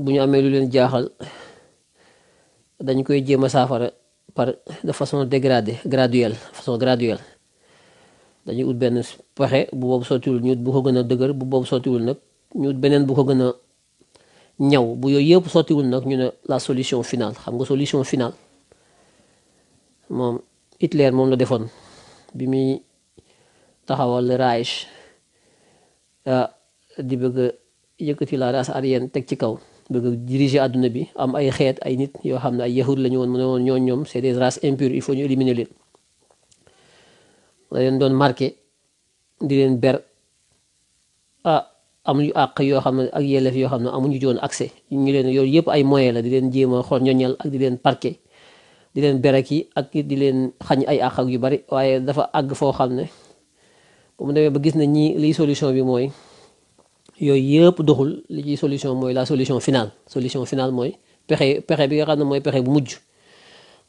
bu ñu amee lu leen jaaxal dañ koy jéem a saafara par de façon dégradée graduelle façon graduelle dañuy ut benn pexe bu boobu sottiwul ñu ut bu ko gën a dëgër bu boobu sottiwul nag ñu ut beneen bu ko gën a ñaw bu yooyu yëpp sottiwul nag ñu ne la solution finale xam nga solution finale moom Hitler moom la defoon bi muy taxawal Reich ah, di bëgg yëkkati la race aryenne teg ci kaw bëgg a àdduna bi am ay xeet ay nit yoo xam ne ay yahud lañu woon mu ne woon ñoo ñoom c'est des races impures il faut ñu éliminer leen la leen doon marqué di leen ber am ah, amuñu àq yoo xam ne ak yelleef yoo xam ne amuñu joon accès ñu leen yooyu yëpp ay moyens la di leen jéem a xool ñoñal ak di leen parqué di leen berek yi ak di leen xañ ay àq ak yu bari waaye dafa àgg foo xam ne bu mu demee ba gis na ñi liy solution bi mooy yooyu yëpp doxul li ci solution mooy la solution finale solution finale mooy pexe pexe bi nga xam ne mooy pexe bu mujj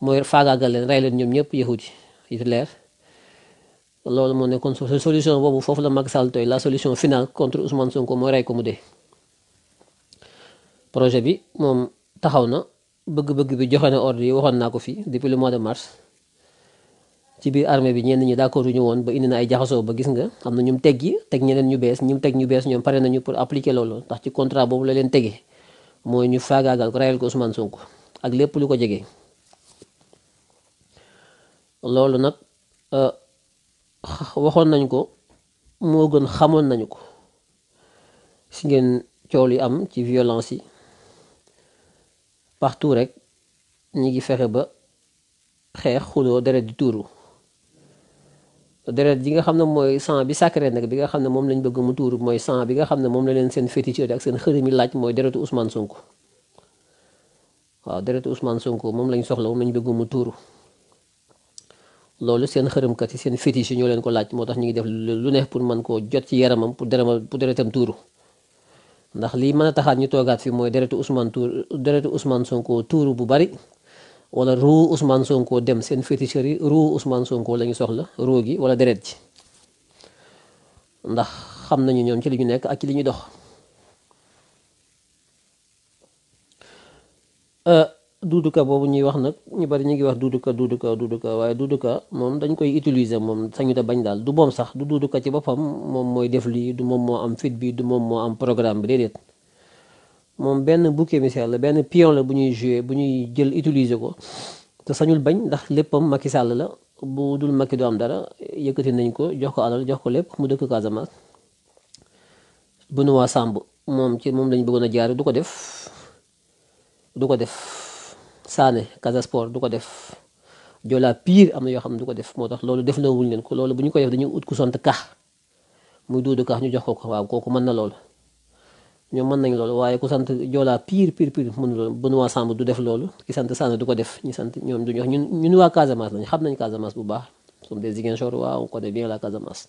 mooy faagaagal leen rey leen ñoom ñëpp yahudi yi Hitler loolu moo nekkoon solution boobu foofu la mag Sall tooy la solution finale contre Ousmane Sonko mooy rey ko mu dee projet bi moom taxaw na bëgg-bëgg bi joxe na ordre yi waxoon naa ko fii depuis le mois de mars ci biir armée bi ñenn ñi d'accord ñu won ba indi na ay jaxasoo ba gis nga amna ñum teggi teg ñeneen ñu bes ñum teg ñu bes ñom pare nañu pour appliquer lolu tax ci contrat bobu la leen tege moy ñu fagaagal ko rayal ko Ousmane Sonko ak lepp lu ko lolu nak euh waxon nañ ko mo gën xamoon nañ ko si ngeen ciol yi am ci violence yi partout rek ñi ngi fexé ba xex xulo dara di deret ji nga xam ne mooy sang bi sacré nag bi nga xam ne moom lañ bëgg mu tuuru mooy sang bi nga xam ne moom la leen seen féticheur ak seen xërëm yi laaj mooy deretu Ousmane Sonko waaw deretu Ousmane Sonko moom lañ soxla moom lañ bëgg mu tuuru loolu seen xërëmkat yi seen fétiche yi leen ko laaj moo tax ñu ngi def lu neex pour mën koo jot ci yaramam pour deram pour deretam tuuru ndax lii mën a taxaat ñu toogaat fi mooy deretu Ousmane tuur deretu Ousmane Sonko tuuru bu bari wala ruu usmaan Sonko dem seen féticheurs yi ruu Ousmane Sonko lañu soxla ruu gi wala deret ji ndax xam nañu ñoom ci li ñu nekk ak ci li ñuy dox. Euh, duuduka boobu ñuy wax nag ñu bari ñu ngi wax duuduka duuduka duuduka waaye duuduka moom dañ koy utiliser moom sañu te bañ daal du moom sax du duuduka ci boppam moom mooy def lii du moom moo am fit bi du moom moo am programme bi déedéet. moom benn bouquet missel la benn pion la bu ñuy jouer bu ñuy jël utiliser ko te sañul bañ ndax léppam makki Sall la bu dul makki du am dara yëkkati nañ ko jox ko alal jox ko lépp mu dëkk Casamance waa Samb moom ci moom lañ bëggoon a jaar du ko def du ko def Sané Casa du ko def Joola Pire am na yoo xam ne du ko def moo tax loolu def na wuñ leen ko loolu bu ñu ko def dañu ut ku sont kax muy duudu kax ñu jox ko ko waaw kooku mën na loolu ñoom mën nañ loolu waaye ku sant joolaa pire pire pire mënu loolu Benoît Sambou du def loolu ki sant Sané du ko def ñu sant ñoom duñu wax ñun ñun waa Casamance lañ xam nañ Casamance bu baax sommes de Ziguinchor waa on connaît bien la Casamance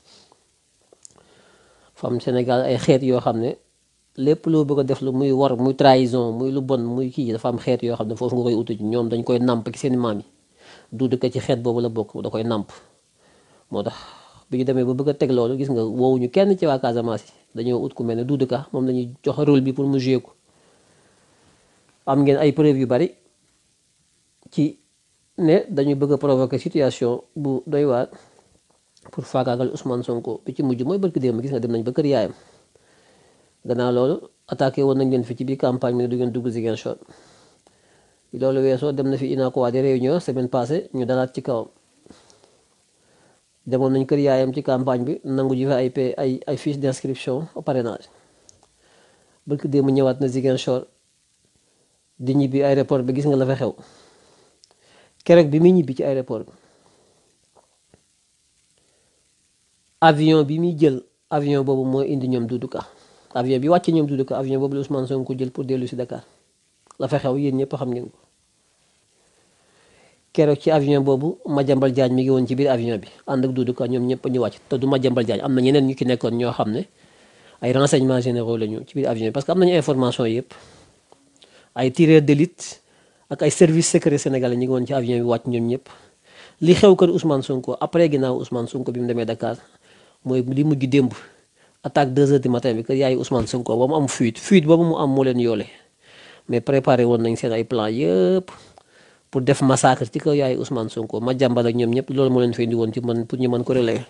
Sénégal ay xeet yoo xam ne lépp loo bëgg def lu muy war muy trahison muy lu bon muy kii dafa am xeet yoo xam ne foofu nga koy utu ci ñoom dañ koy nàmp ci seen maam yi du dëkk ci xeet boobu la bokk da koy nàmp moo tax bu ñu demee ba bëgg a teg loolu gis nga woowuñu kenn ci waa Casamance yi dañoo ut ku mel ne Doudou Ka moom la ñuy jox rôle bi pour mu jouer am ngeen ay preuve yu bari ci ne dañu bëgg a situation bu doy waar pour faagaagal Ousmane Sonko bi ci mujj mooy barki démb gis nga dem nañ ba kër yaayam gannaaw loolu attaqué woon nañ leen fi ci biir campagne bi ne du ngeen dugg Ziguinchor loolu weesoo dem na fi inaa ko waa di réunion semaine passée ñu dalaat ci kawam. demoon nañ kër yaayam ci campagne bi nangu ji fa ay pay ay ay fiche d' inscription au parrainage barki démb ñëwaat na Ziguinchor di ñibbi aéroport bi gis nga la fa xew keroog bi muy ñibbi ci aéroport bi avion bi muy jël avion boobu moo indi ñoom Doudou Ka avion bi wàcc ñoom Doudou Ka avion boobu la Ousmane ko jël pour dellu si Dakar la fa xew yéen ñëpp xam ngeen keroog ci avion boobu Madiambal Diagne mi ngi woon ci biir avion bi ànd ak Doudou Ka ñoom ñëpp ñu wàcc te du Madiambal Diagne am na ñeneen ñu ci nekkoon ñoo xam ne ay renseignements généraux lañu ci biir avion bi parce que am nañu information yëpp ay tireurs d'élite ak ay services secrets sénégalais ñu ngi woon ci avion bi wàcc ñoom ñëpp li xew kër Ousmane Sonko après ginnaaw Ousmane Sonko bi mu demee Dakar mooy li mujj démb attaque 2 heures du matin bi kër yaayu Ousmane Sonko ba mu am fuite fuite boobu mu am moo leen yoole mais préparé woon nañ seen ay plan yëpp. pour def massacre ci kaw yaay Ousmane Sonko ma jàmbal ak ñoom ñëpp loolu moo leen fi indi woon ci man pour ñu mën ko relayer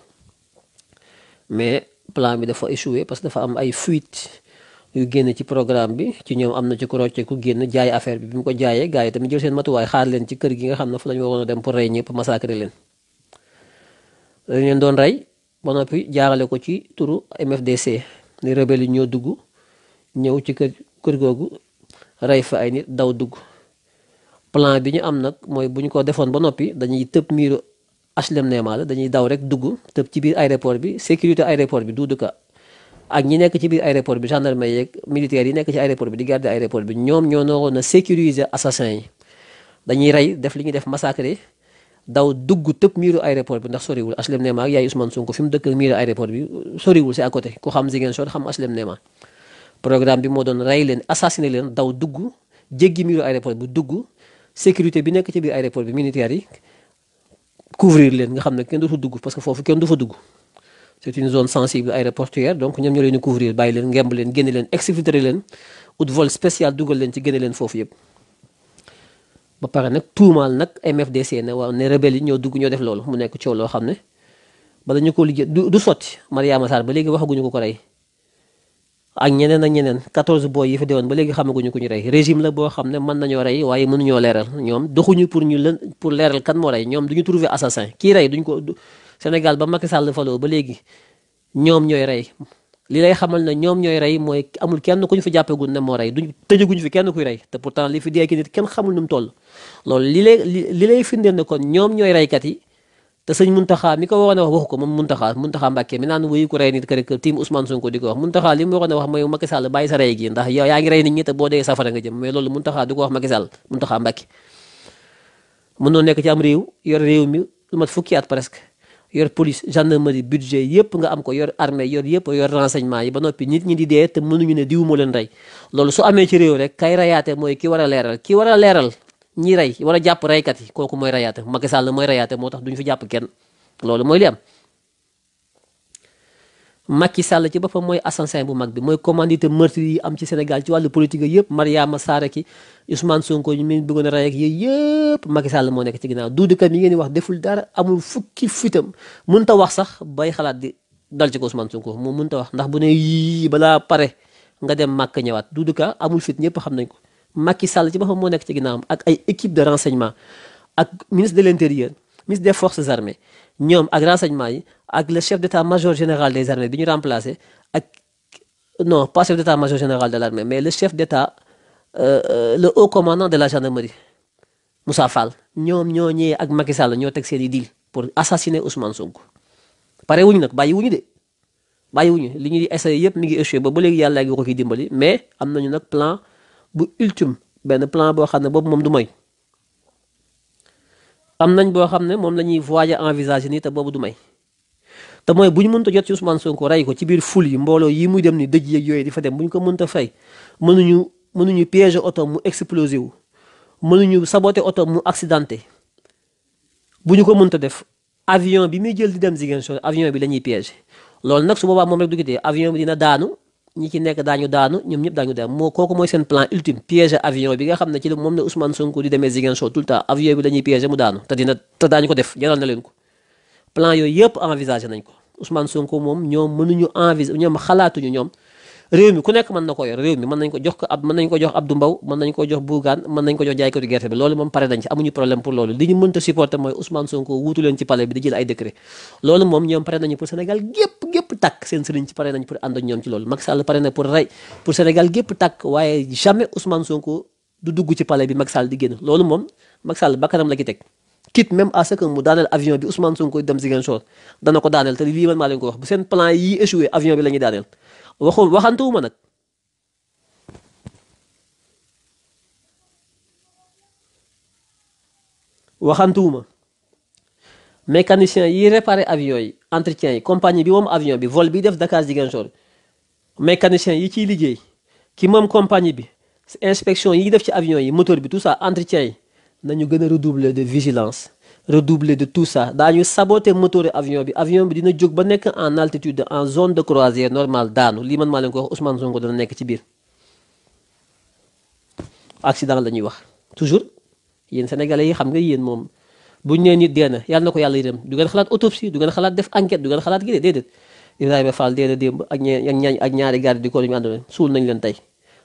mais plan bi dafa échoué parce que dafa am ay fuite yu génn ci programme bi ci ñoom am na ci ku rocce ku génn jaay affaire bi bi mu ko jaayee gars yi tamit jël seen matuwaay xaar leen ci kër gi nga xam ne fu la ñu waroon a dem pour rey ñëpp massacrer leen. leen doon rey ba noppi jaarale ko ci turu MFDC ni rebelle yi ñoo dugg ñëw ci kër kër googu rey fa ay nit daw dugg. plan bi ñu am nag mooy bu ñu ko defoon ba noppi dañuy tëb miiru HLM la dañuy daw rek dugg tëb ci biir aéroport bi sécurité aéroport bi du Ka ak ñi nekk ci biir aéroport bi gendarme yeeg militaire yi nekk ci aéroport bi di garder aéroport bi ñoom ñoo naroon a sécuriser assassin yi dañuy rey def li ñuy def massacre daw dugg tëb miiru aéroport bi ndax soriwul HLM Némara ak yaay Ousmane Sonko fi mu dëkk miiru aéroport bi soriwul c'est à ku xam Ziguinchor xam HLM Némara programme bi moo doon rey leen assassiné leen daw dugg jéggi miiru aéroport bi dugg sécurité bi nekk ci biir aéroport bi militaire yi couvrir leen nga xam ne kenn dootul dugg parce que foofu kenn du fa dugg c'est une zone sensible aéroportuaire donc ñoom ñoo leen couvrir bàyyi leen ngemb leen génne leen exfiltrer leen ut vol spécial dugal leen ci génne leen foofu yëpp. ba pare nag tuumaal nag MFDC ne waaw ne rebelle yi ñoo dugg ñoo def loolu mu nekk coow loo xam ne bala ñu ko liggéey du du sotti Mariama Sarr ba léegi waxaguñu ko ko rey. ak ñeneen ak ñeneen 14 booy yi fi deewoon ba léegi xamaguñu ku ñu rey régime la boo xam ne mën nañoo rey waaye mënuñoo leeral ñoom doxuñu pour ñu lën pour leeral kan moo rey ñoom duñu trouver assassin kii rey duñ ko Sénégal ba Macky Sall faloo ba léegi ñoom ñooy rey li lay xamal ne ñoom ñooy rey mooy amul kenn ku ñu fi jàppagul ne moo rey duñ tëjaguñu fi kenn ku rey te pour pourtant li fi dee ki nit kenn xamul nu mu toll loolu li lay li lay firndeel ne kon ñoom ñooy reykat yi te sëñ Muntaxa ta ko waroon ko moom Muntaxa Muntaxa Mbàkke mi naan wuyu rey nit kër kër tiim Ousmane Sonko di ko wax Muntaxa li mu waroon a wax mooy Macky Sall bàyyi sa rey gi ndax yaa ngi rey nit ñi te boo dee safara nga jëm mais loolu Muntaxa du ko wax Macky Sall Muntaxa Mbàkke mënoo nekk ci am réew yor réew mi lu mat fukki at presque yor police gendarmerie budget yëpp nga am ko yor armée yor yëpp yor renseignement yi ba noppi nit ñi di dee te mënuñu ne diw moo leen rey loolu su amee rek kay rayaate mooy ki war a leeral war a leeral ñi rey wala jàpp reykat yi kooku mooy reyaate Macky Sall mooy reyaate moo tax duñu fi jàpp kenn loolu mooy li am. Macky Sall ci boppam mooy assassin bu mag bi mooy commandité meurtre yi am ci senegal ci wàllu politique yëpp Mariama Sarr ki Ousmane Sonko ñu bëggoon a rey ak yooyu yëpp moo nekk ci ginnaaw duudu kam yi wax deful dara amul fukki fitam mënut wax sax bay xalaat di dal ci ko Ousmane Sonko moom mënut a wax ndax bu ne yii balaa pare nga dem màkk ñëwaat duudu amul fit ñëpp xam nañ ko. Macky Sall ci boppam mo nek ci ginaam ak ay équipe de renseignement ak ministre de l'intérieur ministre des forces armées ñom ak renseignement yi ak le chef d'état major général des armées bi ñu ak non pas chef d'état major général de l'armée mais le chef d'état euh, euh, le haut commandant de la gendarmerie Moussa Fall ñom ñoo ñëwee ak Macky Sall ñoo teg seen deal pour assassiner Ousmane Sonko paré wuñu nak bàyyi wuñu de bàyyi wuñu li ñuy essayé yépp mi ngi échouer ba ba léegi yalla gi ko dimbali mais amna ñu nak plan. bu ultime benn plan boo xam ne boobu moom du may am nañ boo xam ne moom la ñuy voyager envisager nii te boobu du may te mooy bu ñu mënta jot ci Ousmane ko rey ko ci biir ful yi mbooloo yi muy dem ni dëj yeeg yooyu di fa dem bu ñu ko mënta fay mënuñu mënuñu piéger oto mu explosé wu mënuñu saboter oto mu accidenté bu ñu ko mënta def avion bi muy jël di dem Ziguinchor avion bi la ñuy piéger loolu nag su boobaa moom rek du avion bi dina daanu ñi ci nekk daañu daanu ñoom ñëpp daañu dem moo kooku mooy seen plan ultime piéger avion bi xam ne ci moom la Ousmane Sonko di demee Ziguinchor tout le temps avion bi la ñuy piéger mu daanu te dina te daañu ko def jaral na leen ko plan yooyu yëpp envisagé nañ ko Ousmane Sonko moom ñoom mënuñu envisagé ñoom xalaatuñu ñoom réew mi ku nekk mën na ko yor réew mi mën nañ ko jox ko ab mën nañ ko jox Abdou Mbow mën nañ ko jox Bougane mën nañ gerte bi loolu moom pare nañu pour Sénégal gépp gépp seen sëriñ ci pare nañ pour ànd ñoom ci loolu Macky Sall pare na pour rey pour Sénégal gépp tàkk waaye jamais Ousmane Sonko du dugg ci palais bi Macky Sall di génn loolu moom Macky Sall bakkanam la ki teg quitte même à mu daaneel avion bi Ousmane Sonko dem Ziguinchor dana ko daaneel te lii man maa waxul waxantuwuma nag waxantuwuma mécanicien yi réparer avion yi entretien yi compagnie bi moom avion bi vol bi def Dakar Ziguinchor mécanicien yi ci qui ki mom compagnie bi inspection yi def ci avion yi moteur bi tout ça entretien yi nañu gëna redoubler de vigilance redoubler de tout ça daañu saboter moteur avion bi avion bi dina jóg ba nekk en altitude en zone de croisière normale daanu lii man maa leen ko wax Ousmane Sonko dana nekk ci biir accident la ñuy wax toujours yéen sénégalais yi xam nga yéen moom buñ nee nit dee na yàlla na ko yàlla yërëm du ngeen xalaat autopsie du ngeen xalaat def enquête du ngeen xalaat gi dee déedéet Ibrahima Fall dee na démb ak ñe ak ñaari garde du corps ñu àndoon suul nañ leen tey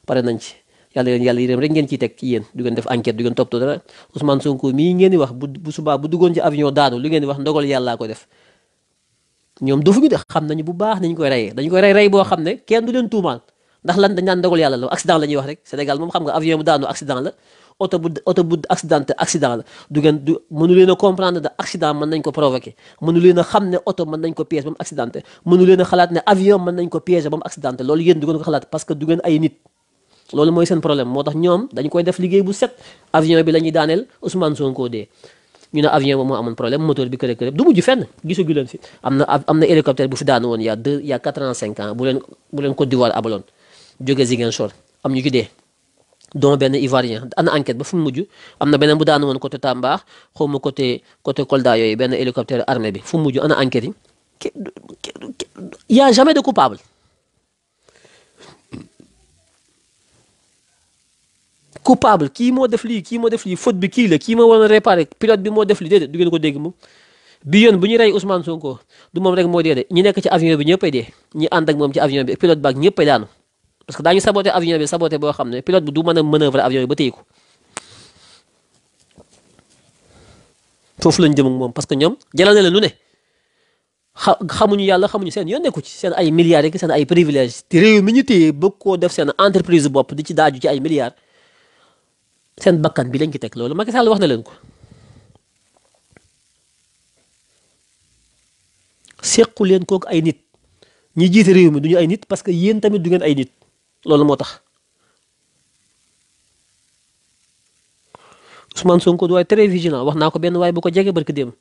pare nañ ci. yàlla yéen yàlla yërëm rek ngeen ciy teg ci yéen du ngeen def enquête du ngeen toppatoo dara Ousmane Sonko mii ngeen di wax bu bu subaa bu duggoon ci avion daanu li ngeen wax ndogal yàllaa ko def ñoom bu baax nañu koy reyee dañu koy rey rey boo xam ne kenn du leen tuumaal ndax lan dañ naan ndogal yàlla la accident wax rek Sénégal moom xam nga avion bu daanu accident la oto bu oto ngeen du mënu leen a comprendre ne accident mën nañ ko provoqué mënu leen a xam oto mën nañ ko piège ba leen a xalaat ne avion mën nañ ko piège ba loolu yéen du ko xalaat parce que du ngeen ay nit loolu mooy seen problème moo tax ñoom dañ koy def liggéey bu set avion bi la ñuy daaneel Ousmane Sonko dee ñu ne avion ba moo amoon problème moteur bi kërë kërë du mujj fenn gisagu leen fi am na am na hélicoptère bu fi daan woon y' a deux y' a quatre ans cinq ans bu leen bu leen Côte d'Ivoire abaloon jóge Ziguinchor am ñu ci dee don benn Ivoirien ana enquête ba fu mu mujj am na beneen bu daan woon côté tambaax xaw côté côté Kolda yooyu benn hélicoptère armée bi fu mu mujj ana enquête yi y' a jamais de coupable. coupable kii moo def lii kii moo def lii bi kii la kii ma waroon réparé pilote bi moo def lii déedéet du ngeen ko dégg moom bi yoon bu ñu rey Ousmane Sonko du moom rek moo dee de ñi nekk ci avion bi ñëppay dee ñi ànd ak moom ci avion bi pilote baak ñëppay daanu parce que daañu saboté avion bi saboté boo xam ne pilote bi du mën a manœuvrer avion bi ba téye ko foofu lañ jëm ak moom parce que ñoom jaral na leen lu ne xa xamuñu yàlla xamuñu seen yoon nekku ci seen ay milliards rek seen ay privilèges te mi ñu téye bëgg koo def seen entreprise bopp di ci daaju ci ay milliards sen bakkan bi lañ ci teg loolu Macky Sall wax na leen ko sequ leen kook ay nit ñi jiite réew mi duñu ay nit parce que yéen tamit du ngeen ay nit loolu moo tax Ousmane Sonko du très vigilant wax naa ko benn waay bu ko jege barki dem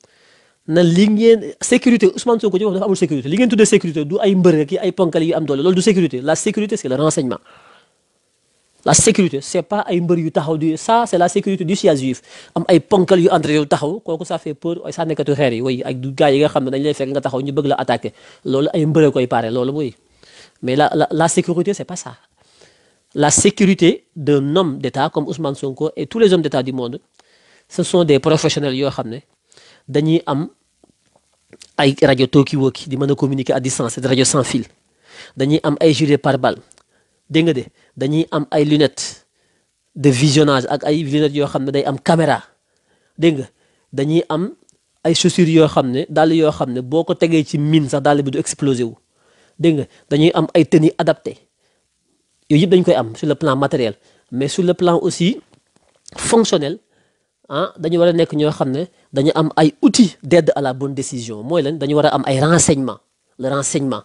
na li ngeen sécurité Ousmane Sonko dafa amul sécurité li ngeen tuddee sécurité du ay mbër ak ay ponkal yu am doole loolu du sécurité la sécurité c'est le renseignement la sécurité c'est pas ay mbeur yu taxaw du ça c'est la sécurité du siège juif am ay ponkal yu entre yow taxaw kooku ça fait peur ay sànnekatu xeer yi way ak du gars yi nga xam dañ lay fekk nga taxaw ñu bëgg la attaquer loolu ay mbeure koy paré loolu mooy mais la la la sécurité c'est pas ça la sécurité d'un homme d'État comme Ousmane Sonko et tous les hommes d'État du monde ce sont des professionnels yo xam dañuy am ay radio talkie-walkie di mëna communiquer à distance radio sans fil dañuy am ay gilets par balle dégg dé de dañuy am ay lunettes de visionnage ak ay lunettes yoo xam ne day am caméra dégg nga dañuy am ay chaussures yoo xam ne dàll yoo xam ne boo ko tegee ci mine sax dàll bi du explosé wu dégg nga dañuy am ay tenues adaptées yooyu yëpp dañ koy am sur le plan matériel mais sur le plan aussi fonctionnel ah dañu war a nekk ñoo xam ne dañu am ay outils d'aide à la bonne décision mooy leen dañu war a am ay renseignements le renseignement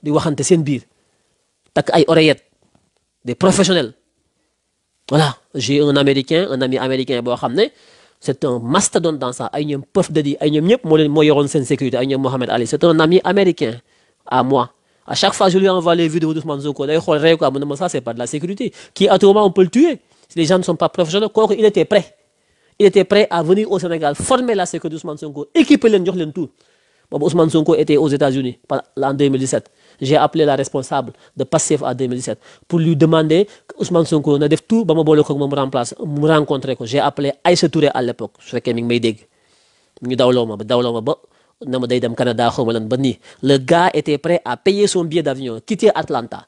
di waxante seen biir takk ay oreillettes des professionnels voilà j'ai un américain un ami américain boo xam c'est un mastodon dans ça ay ñoom dit que ay sécurité Mohamed Ali c'est un ami américain à moi à chaque fois je lui envoie les vidéos d'Ousmane Sonko day xool rek quoi mu ça c'est pas de la sécurité qui à tout moment on peut le tuer les gens ne sont pas professionnels kooku il était prêt il était prêt à venir au Sénégal former la sécurité d'Ousmane Sonko équiper les gens, tout Ousmane Sonko était aux États-Unis en 2017. J'ai appelé la responsable de PASSEF en 2017 pour lui demander que Ousmane Sonko ne def tout ba ma Je me remplace j'ai appelé Aïssa Touré à l'époque Je suis venu. may Canada le gars était prêt à payer son billet d'avion quitter Atlanta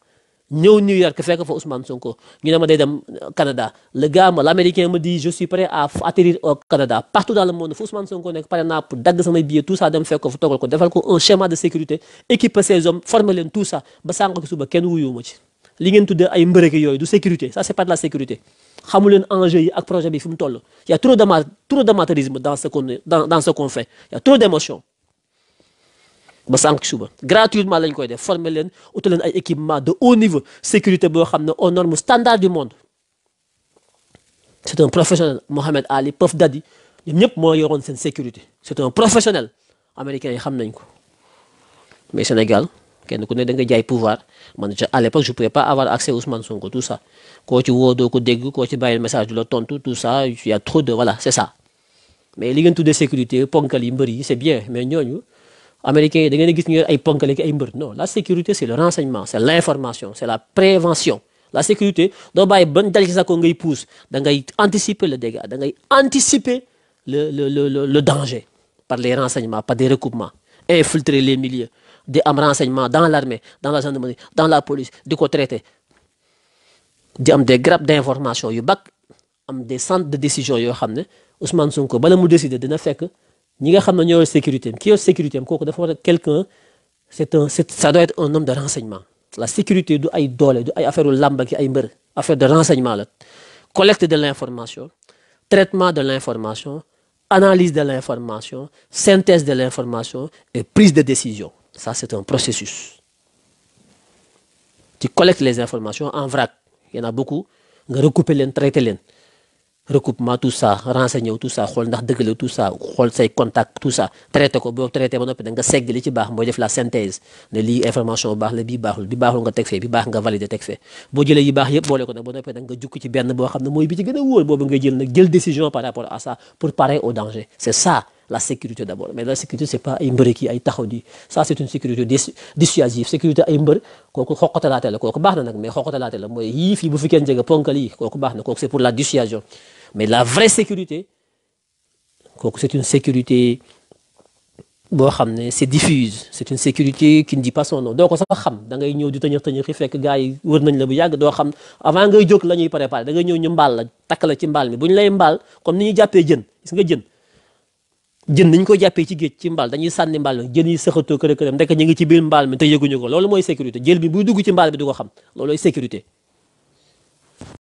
ñëw New York fekk fa Ousmane Sonko ñu ne ma day dem Canada le gars ma l'américain me dit je suis prêt à atterrir au Canada partout dans le monde Ousmane Sonko nekk pare pour dagg sama billet tout ça dem fekk ko fu ko defal ko un schéma de sécurité Équipe ses hommes former tout ça ba sang ko suba kenn wuyuma ma ci. li ngeen tuddé ay mbërëke yoy du sécurité ça c'est pas de la sécurité xamu leen enjeu yi ak projet bi fi mu Il y a trop de trop d'amateurisme dans ce qu'on dans dans ce qu'on fait y a trop d'émotion gratuitement lañ koy def former équipement de haut niveau sécurité boo aux normes standard du monde C'est un professionnel Mohamed Ali Puff Daddy Ils ont tous yoroon sécurité C'est un professionnel américain yi le ko mais Sénégal Quand ku ne da nga jaay pouvoir à l'époque, je ne pouvais pas avoir accès Ousmane Sonko tout ça koo ci woo tu ko quand tu ci le message de l'automne, tout ça il y a trop de voilà c'est ça mais li tout de sécurité ponkal yi mbër bien mais ñooñu américains vous da ngeen a gis ñu ay non la sécurité c'est le renseignement c'est l'information c'est la prévention la sécurité doo bàyyi bonne dal que ko ngay pousse da ngay anticiper le dégât da ngay anticiper le le le le danger par les renseignements par des recoupements infiltrer les milieux des am renseignement dans l'armée dans la gendarmerie dans la police du côté. traiter di am des grappes d'informations, yu y am des centres de décision Ousmane xam Ousmane Sonko de ne décider dina nous nga une sécurité sécurité quelqu'un c'est un ça doit être un homme de renseignement la sécurité doit ay une affaire de renseignement collecte de l'information traitement de l'information analyse de l'information synthèse de l'information et prise de décision ça c'est un processus tu collectes les informations en vrac il y en a beaucoup nga recouper les, traiter recoupement tout ça renseigné tout ça xool ndax deugle tout ça xool say contact tout ça traiter ko bo traiter ba noppi da nga segg li ci bax mooy def la synthèse ne li information bax baax la bii baaxul bi baaxul nga tek fee bi bax nga valider tek fee bo jëlee yi baax bo le ko nag bo noppi da nga juk ci benn bo xam moy bi ci gëna woor bobu nga jël nak jël décision par rapport à ça pour parer au danger c'est ça la sécurité d'abord mais la sécurité c'est pas ça c'est une sécurité dissuasive sécurité la sécurité, mais c'est pour la dissuasion mais la vraie sécurité c'est une sécurité c'est diffuse c'est une sécurité qui ne dit pas son nom Donc, on sait xam da On ne di pas. les gens ne jën nañ ko jàppee ci géej ci mbaal dañuy sànni mbaal mi jën yi sëxatoo kërë kërëm ndekk ñu ngi ci biir mbaal mi te yëguñu ko loolu mooy sécurité jël bi buy dugg ci mbaal bi du ko xam